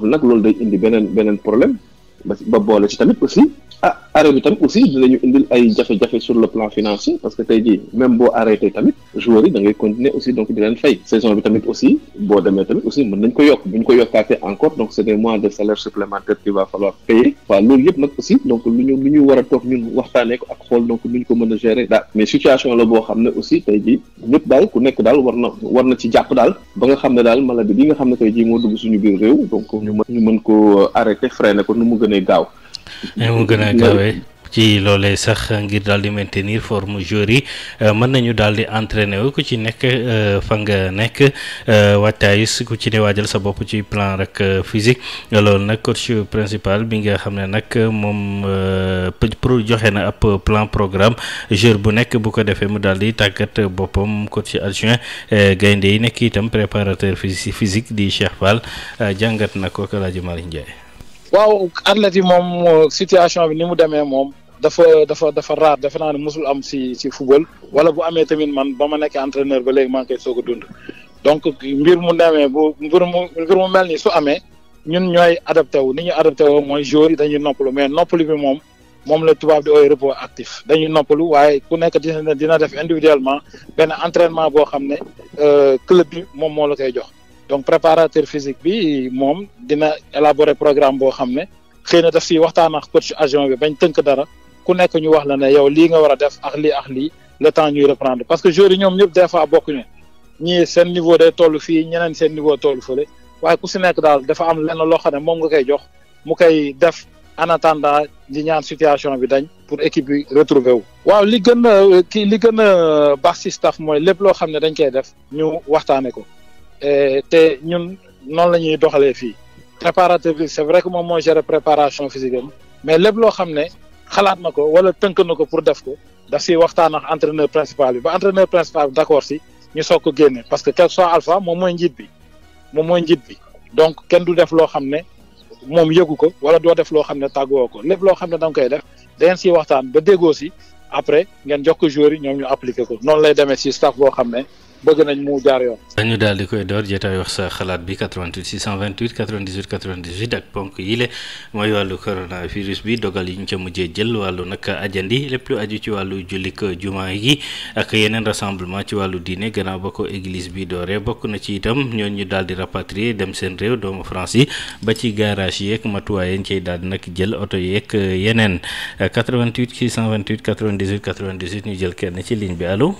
nag loolu day indi beneen beneen problème ba boole ci tamit aussi ah arrêt bi tamit aussi dinañu indil ay jafe-jafe sur le plan financier parce que tey jii même boo arrêté tamit joueurs yi da ngay continuer aussi donc di leen ko yokk bu ñu ko yokkaatee encore donc c'est des mois de salaire supplémentaire qu'il va falloir payer waaw loolu yëpp nag aussi donc lu ñu lu ñu war toog ñun waxtaanee ko ak xool donc nu ñu ko mën gérer daal mais situation la boo xam ne aussi tey jii ñëpp daal ku nekk daal gën gaaw. mu gën gaawee ci loolee sax ngir daal di maintenir forme joueur yi euh, mën nañu daal di entraîner wu ku ci nekk euh, fa nga nekk euh, waajtaay ku ci ne waajal sa bopp ci plan rek physique lool nag ci principal bi nga xam ne nag moom pour joxe na ab plan programme joueur bu nekk bu ko defee mu daal di tàggat boppam coach adjoint gaynde yi nekk itam préparateur physique di Cheikh Fall jàngat na ko El Hadj Malick waaw athlètes yi moom situation bi ni mu demee moom dafa dafa dafa raar dafa naa ne mosul am si si football wala bu amee tamit man ba ma nekkee entraîneur ba léegi maa ngi koy soog a dund donc mbir mu demee bu mbir mu mbir mu mel ni su amee ñun ñooy adapté wu ni ñu adapté woo mooy joueurs yi dañuy noppalu mais noppalu bi moom moom la tubaab di ooy repos actif dañuy noppalu waaye ku nekk dina dina def individuellement benn entrainement boo xam ne euh, club bi moom moo la koy jox donc préparateur physique bi moom dina élaborer programme boo xam ne xëy na daf siy waxtaan ak coach agent bi bañ tënk dara ku nekk ñu wax la ne yow lii nga war a def ak li ak lii le temps ñuy reprendre parce que joueurs yi ñoom ñëpp des fois bokk ñu ñii seen niveau day toll fii ñeneen seen niveau toll fële waaye ku si nekk daal dafa am lenn loo xam ne moom nga koy jox mu koy def en attendant di ñaan situation bi dañ pour équipe bi retrouver wu. waaw li gën a kii li gën a baax si mooy lépp loo xam ne dañ koy def ñu waxtaanee ko. Eh, te ñun noonu la ñuy doxalee fii préparateur physique c'est vrai que moom moo gérer préparation physique mais lépp loo xam ne xalaat na ko wala tënk na ko pour def ko daf si waxtaan ak entraîneur principal bi ba entraîneur principal bi d'accord si ñu soog ko génne parce que quel soit alpha moom mooy njiit bi moom mooy njiit bi donc kenn du def loo xam ne moom yëgu ko wala doo def loo xam ne tàggoo ko lépp loo xam ne da nga koy def da ngeen siy waxtaan ba déggoo si après ngeen jox ko joueurs yi ñoom ñu appliqué ko noonu lay demee si staff boo xam ne bëgg nañ mu jaar yoon. dañu daal di koy door jotaay wax sa xalaat bi 88 628 98 98 ak ponk yi le mooy wàllu coronavirus bi dogal yi ñu ca mujjee jël wàllu nag ajandi lépp aju ci wàllu jullik jumaa yi ak yeneen rassemblement ci wàllu diine gannaaw ba ko église bi dooree bokk na ci itam ñooñu ñu daal di rapatrier dem seen réew doomu France ba ci garage yeeg matuwaay yañ cay daal di nag jël oto yeeg yeneen 88 628 98 98 ñu jël kenn ci ligne bi allo.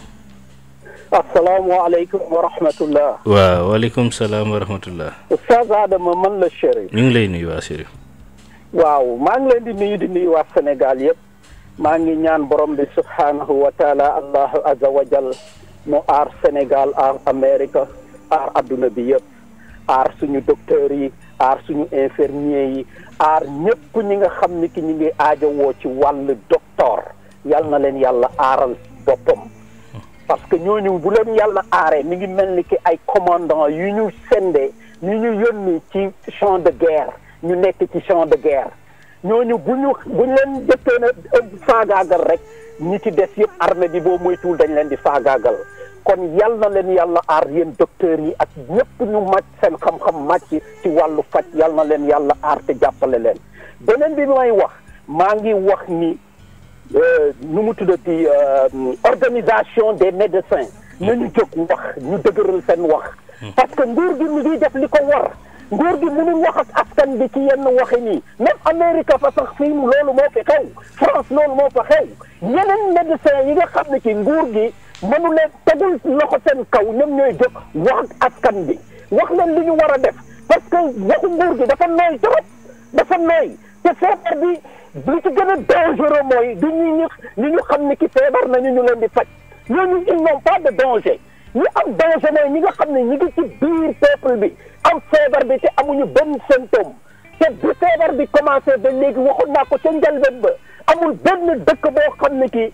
asalaamaaleykum wa rahmatullah. waaw waaleykum salaam wa rahmatullah. Adama man la Chérif. ñu lay nuyu waa Chérif. waaw maa ngi leen di nuyu di nuyu waa Sénégal yëpp maa ngi ñaan borom bi subhaanahu wa taala allahu azza wa jal mu aar Sénégal aar Amérique aar adduna bi yëpp aar suñu docteurs yi aar suñu infirmiers yi aar ñëpp ñi nga xam ni ki ñu ngi aajowoo ci wàllu docteur yal na leen yàlla aaral boppam. parce que ñooñu bu leen yàlla aaree mi ngi mel ni ki ay commandant yu ñu sendee ñu ñu yónni ci champ de guerre ñu nekk ci champ de guerre ñooñu bu ñu bu ñu leen jëkkee ne faagaagal rek ñi ci des yëpp armée bi boo moytuwul dañ leen di faagaagal kon yal na leen yàlla aar yéen docteur yi ak ñëpp ñu màcc seen xam-xam màcc ci wàllu faj yal na leen yàlla aar te jàppale leen beneen bi may wax maa ngi wax ni. Euh, nu mu tuddati euh, organisation des médecins nañu jóg wax ñu dëgëral sen wax hmm. parce que nguur gi mu ngi def li ko war nguur gi mënul wax ak askan bi ci yenn waxi nii même Amérique fa sax fii loolu moo fi xew France loolu moo fa xew yeneen médecins yi nga xam ne ci nguur gi mënu leen tegul loxo seen kaw ñoom ñooy jóg wax ak askan bi wax leen li ñu war a def parce que waxu nguur gi dafa nooy trop dafa nooy te feebar bi bi ci gën a dangereux mooy du ñu ñu ñu xam ni ki feebar nañu ñu leen di faj ñooñu ils n'ont pas de danger ñu am danger mooy ñi nga xam ne ñi ngi ci biir peuple bi am feebar bi te amuñu benn symptôme te bu feebar bi commencé ba léegi waxoon naa ko ca njëlbeen ba amul benn dëkk boo xam ne kii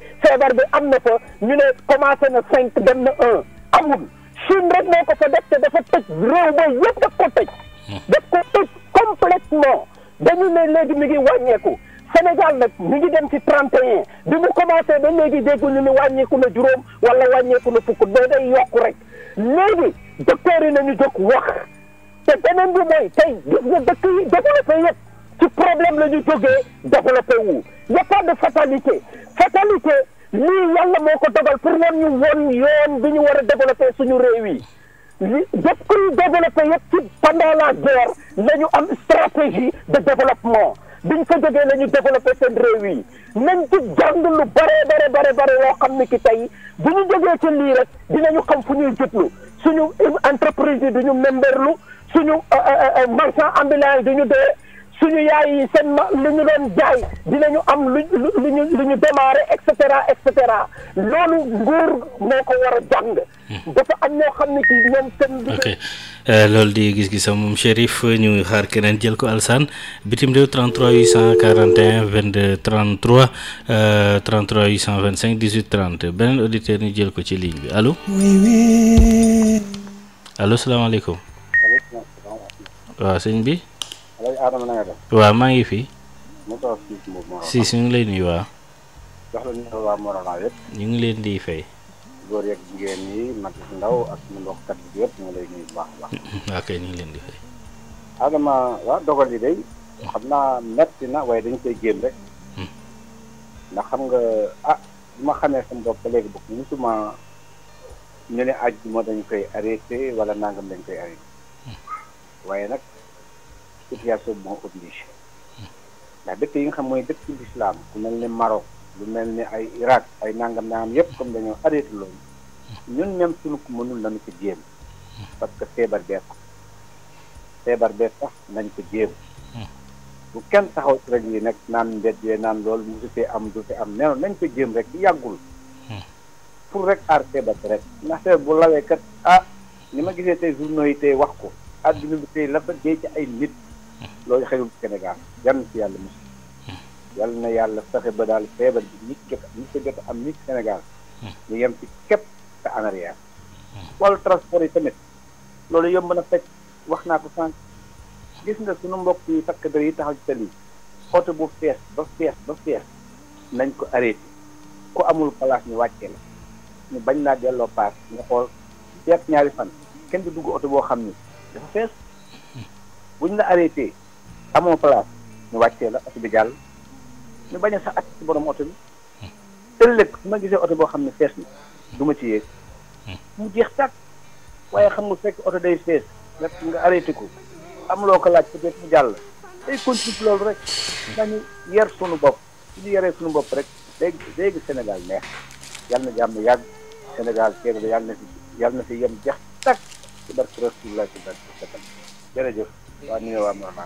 bi am na fa ñu ne commencé na cinq dem na un amul Chine rek moo ko fa def te dafa tëj réew ba yëpp daf ko tëj hmm. daf ko tëj ne léegi mi ngi wàññeeku Sénégal nag ñu ngi dem ci 31 bi mu commencé ba léegi dégguñu ni wàññeeku na juróom wala wàññeeku na fukk mais day yokku rek léegi docteur yi nañu jóg wax te beneen bi mooy tey gis nga dëkk yi développé yëpp ci problème la ñu jógee développé wu y a pas de fatalité fatalité lii yàlla moo ko dogal pour wan ñu won yoon bi ñu war a développé suñu réew yi li yëpp ku ñu développé yëpp ci pendant la guerre la ñu am stratégie de développement biñ fa jógee la ñu développé seen réew yi nañ ci jàng lu bare bare bare bare loo xam ne ki tey bu ñu jógee ci lii rek dinañu xam fu ñuy jutlu suñu entreprise yi duñu memberlu suñu euh, euh, euh, marchand ambulant du ñu dee suñu yaay yi seen ma lu ñu doon jaay dinañu am lu ñu lu ñu loolu nguur moo ko war a jàng. Hmm. dafa am ñoo xam ne kii ñoom seen. ok euh, loolu di gis-gisam gis moom Chérif ñu xaar keneen jël ko Alsaan bitim réew 33 841 22 33 33 825 18 30 beneen auditeur ñu jël ko ci ligne bi allo. allo salaamaaleykum. waaw sëñ bi. yooyu Adama na nga def. waaw maa ngi fi. mu toog Ciss Mbour ngi lay nuyu waaw. jox la nuyu waa Morona yëpp. ñu ngi leen di fay. góor yeeg jigéen ñi mag ndaw ak suñu mbokkkat yi yëpp ñu ngi lay a baax. yi day hmm. xam naa metti na waaye dañ koy génn rek. Hmm. ndax xam nga ah bi ma xamee sama bopp léegi bokk musuma ñu ne àjjuma dañ koy arrêté wala nangam dañ koy arrêté hmm. waaye nag. situation moo obligé ndax dëkk yi nga xam mooy dëkk ci lislaam ku mel ni Maroc lu mel ni ay Irak ay nangam nangam yëpp comme dañoo arrêté loolu ñun même suñu ko mënul lañu ko jéem parce que feebar bee ko feebar bee tax nañ ko jéem bu kenn sax ci rek nag naan mbedd yee naan loolu mosu see am du fi am nenoon nañ ko jéem rek yàggul pour rek aar feebar bi rek ndax feebar bu lawee ah ni ma gisee tey journaux yi tey wax ko adduna bi tey la fa dee ci loolu xewul Sénégal yan si yàlla mos yal na yàlla fexe ba daal feebar bi nit ki nit ko am nit Sénégal hmm. ñu yem ci képp te en arrière transport yi tamit loolu yomb na fekk wax naa ko sànq gis nga suñu mbokk yi takk der yi taxaw ci tali oto bu fees ba fees ba fees nañ ko arrêté ku amul place ñu wàccee la ñu bañ laa delloo paas nga xool seet ñaari fan kenn du dugg oto boo xam ni dafa fees ñu la arrêté amoo place ñu wàccee la oto bi jàll ñu bañ a sax ak ci borom oto bi ëllëg hmm. su ma gisee oto boo xam ne fees na du ma ci yéeg hmm. mu jeex tàkk waaye xam nga fekk oto day fees nga nga arrêté ko am loo ko laaj peut-être mu jàll day continue loolu rek hmm. nañu yar sunu bopp suñu yaree sunu bopp rek léegi léegi Sénégal neex yàlla na jàmm yàgg Sénégal teeru yàlla na fi yàlla na fi yem jeex tàkk ci barke Rasulullah ci barke Jërëjëf waaw nuyu waa Mor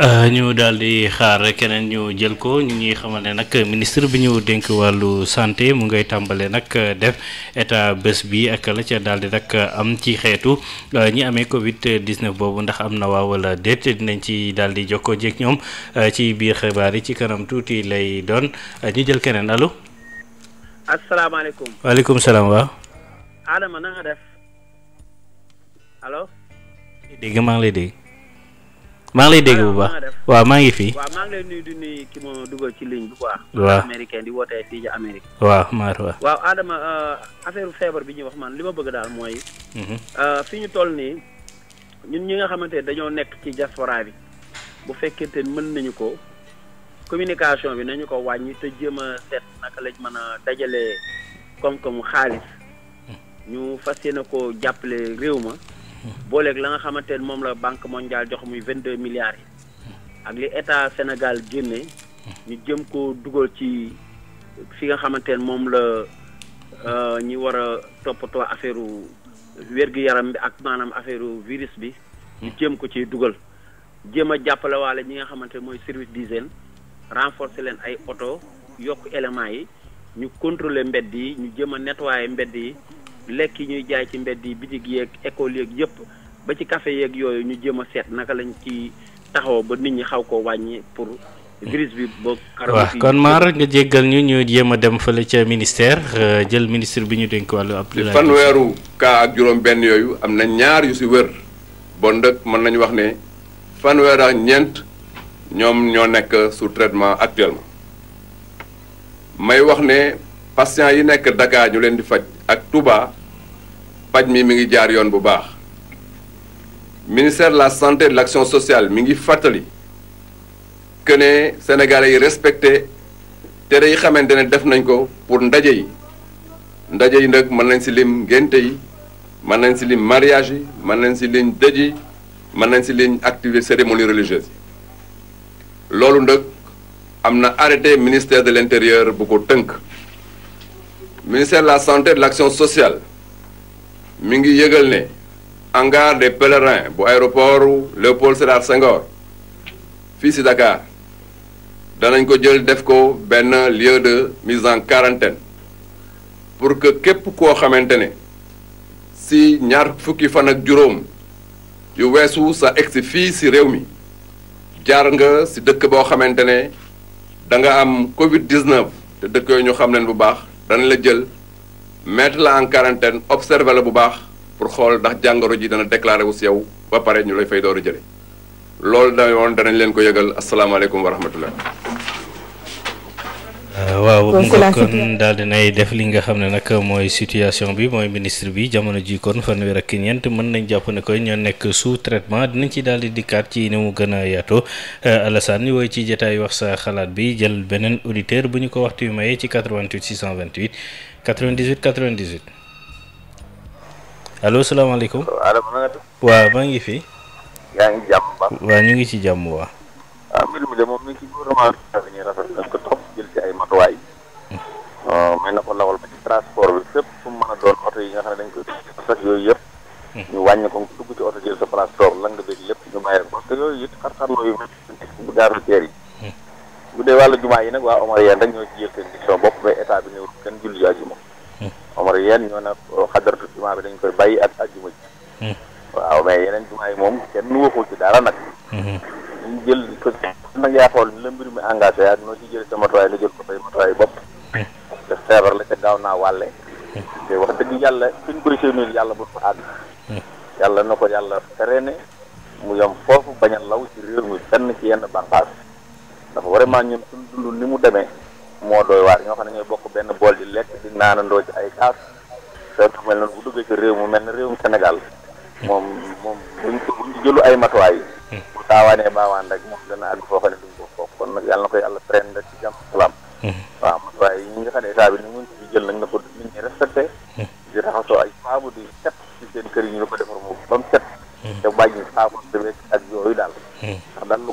euh, ñu daal xaar keneen ñu jël ko ñu ngi xamal ne nag ministre bi ñu dénk wàllu santé mu ngay tàmbale nag def état bés bi ak la ca daal di nag am ci xeetu euh, ñi amee Covid 19 boobu ndax am na waa wala déet dinañ ci daal di jokkoo jéeg ñoom euh, ci biir xibaar yi ci kanam tuuti lay doon ñu jël keneen allo. asalaamaaleykum. waaleykum salaam wa Adama na nga def allo. dégg maa ngi lay dégg. maa ngi dégg bu baax waaw maa ngi fi. waaw maa ngi lay nuyu di nuyu ki ma dugal ci ligne bi quoi. waaw américain di wootee fii ci Amérique. waaw maar waaw. waaw Adama euh, affaire feebar bi ñuy wax man li ma bëgg daal mooy. Mhm. Euh, fi ñu toll nii ñun ñi nga xamante ne dañoo nekk ci diaspora bi bu fekkente ne mën nañu ko communication bi nañu ko wàññi te jéem a seet naka lañ mën a dajalee koom-koomu xaalis. ñu fas yéene ko jàppale réew ma booleeg la nga xamante ne moom la banque mondiale jox muy 22 milliards yi ak li état Sénégal génne ñu jëm ko dugal ci fi nga xamante ne moom la euh, ñu war a toppatoo affaire wér-gu-yaram bi ak maanaam affaire virus bi ñu jëm ko ci dugal jéem a jàppale waale ñi nga xamante ne mooy service d'hygiène renforcer leen ay oto yokk éléments yi ñu contrôler mbedd yi ñu jëm a nettoyer mbedd yi lekk yi ñuy jaay ci mbedd yi bitig yeeg ecole yeeg yëpp ba ci kafe yeeg yooyu ñu jéem a seet naka lañ ci taxaw ba nit ñi xaw ko wàññi pour virus bi boo waaw kon maar nga jéggal ñu ñu jéem a dem fële ca ministère euh, jël ministre bi ñu dénk wàllu ab fanweeru kaa ak juróom benn yooyu am na ñaar yu si wër bon nag mën nañu wax ne fanweer ak ñeent ñoom ñoo nekk sous traitement actuellement may wax ne patient yi nekk dakaar ñu leen di faj ak Touba paj mi mi ngi jaar yoon bu baax ministère de la santé et de l'action sociale mi ngi fàttali que ne sénégalais yi respecté tere yi xamante ne def nañ ko pour ndaje yi ndaje yi nag mën nañ ci lim ngénte yi mën nañ ci lim mariage yi mën nañ ci lim dëj yi mën nañ ci lim activité cérémonie religieuse yi loolu nag am na arrêté ministère de l'intérieur bu ko tënk ministère de la santé et de l'action sociale mi ngi yëgal ne hangar des pèlerins bu aéroport Léopold Sédar Senghor fii ci Dakar danañ ko jël def ko benn lieu de mise en quarantaine pour que képp koo xamante ne ci ñaar fukki fan ak juróom yu weesu sa egsi fii ci réew mi jaar nga ci dëkk boo xamante ne da nga am Covid 19 te dëkk yooyu ñu xam leen bu baax. dana la jël mettre la en quarantaine observer la bu baax pour xool ndax jàngoro ji dana déclaré wu yow ba pare ñu lay fay door a jële loolu da woon danañ leen ko yëgal asalaamaaleykum wa rahmatullah Euh, waaw kon daal dinay def li nga xam ne nag mooy situation bi mooy ministre bi jamono ji kon fanweer ak ñeent mën nañ jàpp ne koy ñoo nekk sous traitement dinañ ci daal di dikkaat ci ni mu gën a yaatoo euh, Alassane wooy ci jotaay wax sa xalaat bi jël beneen auditeur bu ñu ko waxtu yu mayee ci 88 628 98 98 allo salaamaaleykum. waaw maa ngi fi. yaa ngi ñu ngi ci jàmm waa. Ah, fu mu mën a doon oto yi nga xam ne dañ koy sax yooyu yëpp hmm. ñu wàññi ko dugg ci oto jël sa place toog lan nga béeg lépp ñu bàyyi ko te yooyu it xar hmm. jumaa yi nag waa Omar yeen rek ñoo ci jël bopp ba état bi néew kenn julli ji àjjuma hmm. Omar yeen ñoo ne xadaratu jumaa bi dañ koy bàyyi ak àjjuma ji waaw mais yeneen jumaa yi moom kenn waxul ci dara nag jël nag yaa xool yàlla suñ koy séenul yàlla bu fa yàlla na ko yàlla ne mu yom foofu bañ law ci réew mi fenn ci yenn bànqaas dafa vraiment ñun suñ dund ni mu demee moo doy waar ñoo xam ne ñooy bokk benn bool ji lekk di naanandoo ci ay kaas te mel na bu duggee ci réew mu mel ne réewum senegal moom moom buñ ko jëlu ay matuwaay bu hmm. taawaanee baawaan rek moom dana àgg foo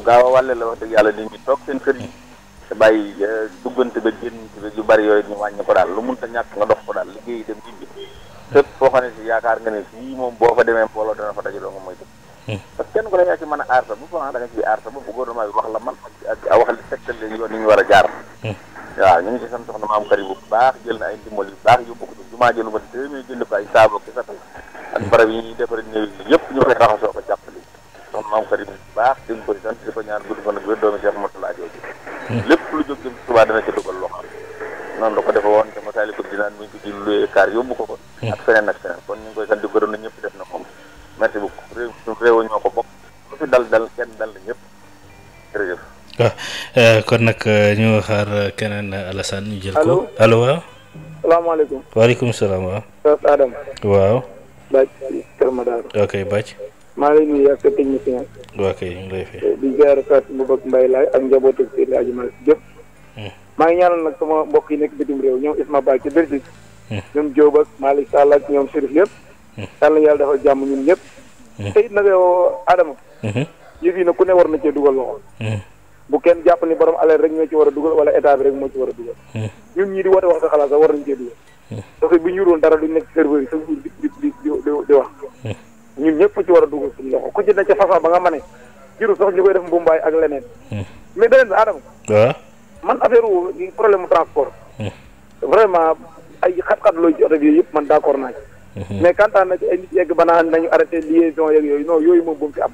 gaaw a wàlle la wax dëgg yàlla di ñu toog seen kër yi te bàyyi eh, duggante ba génn ci yu bari yooyu ñu wàññi daal lu mun ta ñàkk nga dox ko daal liggéey dem jimbi fépp foo hmm. a aar ah, da a hmm. soxna maam Karim bu baax jël na ay ndimbal yu baax yóbbu ko ci jumaa jëlu ma téeméer jënd ko ay saaboo ki satal ak barab yi ñuy defar néew yi yëpp ñu koy raxas sant di ko ñaan gudd fan ak wér doomi Cheikh Mourtala Adio ji lépp lu jóg jëm Tuubaa dana ci dugal loo xam noonu la ko defe woon te Masaalikul Jinaan mi ngi ko luyee kaar yóbbu ko ko ak feneen ak feneen kon ñu koy sant di na ñëpp def na moom merci beaucoup réew réew ñoo ko bokk lu fi dal dal kenn dal ñëpp jërëjëf waaw ah, euh, kon nag euh, ñu xaar keneen Alassane ñu jël ko allo waaw salaamaaleykum waaleykum salaam waaw Adama waaw Bàcc Bàcc maa ngi lay nuyu ak sa technicien waaw kay ñu ngi lay fay. Eh, di ziar Fatou Mbouck Mbaye laay hmm. maa ngi ñaanal nag sama mbokk yi nekk bitim réew ñoom Isma Ba ci Belgique. Hmm. ñoom Diop ak Malick Sall ak ñoom Chérif yëpp. Hmm. yàlla yàlla dafa jàmm ñëpp. te it nag yow eh, Adama. yëf yi ku ne war na cee dugal loxo. bu kenn jàpp ni borom alal rek ñoo ci war a dugal wala état rek moo ci war a dugal. ñun ñii di woote wax sa xalaat sax war nañu cee dugal. parce que bu ñu yoroon dara duñ nekk serveur yi sax di di di di wax. ñun ñëpp ci war a dugal loxo ku ci ne ca façon ba nga mane jiru sax ñu koy def mbumbaay ak leneen. mais beneen bi Adama. waaw man affaire wu problème mu transport. vraiment ay xat-xat looy ci oto bi yëpp man d' naa ci. ay nit yegg ba nañu arrêté liaison yeeg yooyu non yooyu moom bu mu fi am.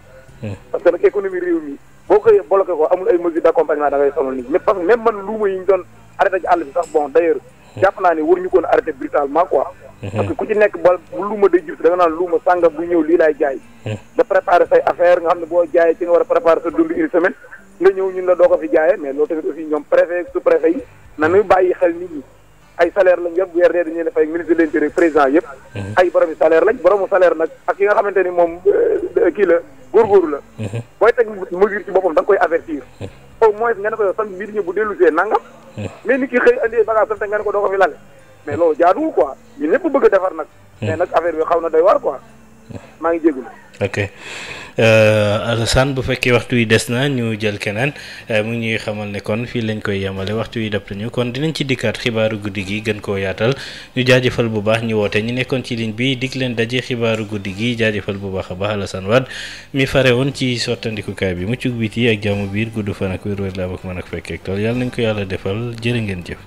parce que nag économie réew mi boo koy bloqué ko amul ay mesures d' accompagnement da ngay nit mais parce que même man luuma yi ñu doon arrêté ci àll bi sax bon d' jàpp naa ne waruñu ko woon arrêté brutalement quoi. Mhm. parce que ku ci nekk ba luuma day jub si da nga naan luuma sàngam bu ñëw lii laay jaay. da mhm. préparer say affaire nga xam ne boo jaayee ci nga war a préparer sa dund une semaine nga ñëw ñun la doo ko fi jaayee mais loolu tamit yi nañu bàyyi xel lañ yëpp weer dee dañu leen fay ministre de l'intérieur président yëpp. Mhm. ay boromi salaire lañ boromu salaire nag ak yi nga xamante ni euh, la góorgóorlu la. booy teg mesure ci boppam da nga koy avertir. au moins nga ko yow sam mbir ñi bu dellusee nangam. mais nit ki xëy andee bagage sam te nga ne ko doo ko fi lale mais loolu jaaduwul quoi ñun ñëpp bëgg a defar nag. Hmm. nag affaire bi xaw na doy waar quoi maa ngi jégalu. ok euh, Alassane bu fekkee waxtu yi des na ñu jël keneen euh, mu ñuy xamal ne kon fii lañ koy yemale waxtu yi dab nañu kon dinañ ci dikkaat xibaaru guddi gi gën koo yaatal ñu jaajëfal bu baax ñu woote ñu nekkoon ci ligne bi dig leen daje xibaaru guddi gi jaajëfal bu baax a baax Alassane Wade mi fare woon ci sottandikukaay bi muccug biti ak jàmm biir gudd fan ak wér-wér la am ak mën ak fekkeek tool nañ ko yàlla defal jërë ngeen jëf.